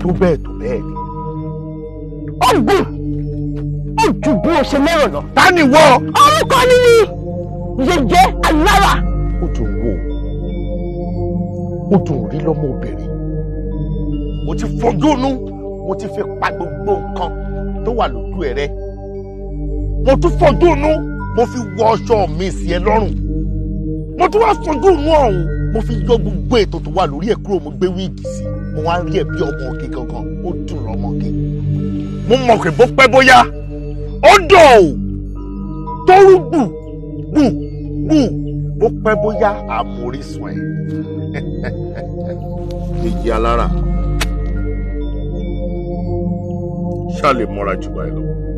tó bẹ́ẹ̀ tó bẹ́ẹ̀ ni. ọ̀gbìn ó ju bí o ṣe lérò lọ. ta ni wọ. orúkọ mi ni yẹyẹ alára. ó tún wò ó tún rí lọ́mọbìnrin mo ti fojú inú mo ti fi pa gbogbo nǹkan tó wà lójú ẹ rẹ mo tún fojú inú mo fi wọ ọṣọ mi sí ẹ lọ́rùn mo tún wá fojú inú mo fi yọ gbogbo ètò tó wà lórí ẹ̀ kúrò mo gbé wíìgì sí mo wá rí ẹ̀ bí ọmọ òkè gangan ó dùn lọ́mọge mo mọ̀ pé bó pẹ́ bóyá ó ò tóru gbù gbù gbù bó pẹ́ bóyá àmórísùn ẹ̀ èyí alára ṣáà lè mọ́ra jù báyìí lọ.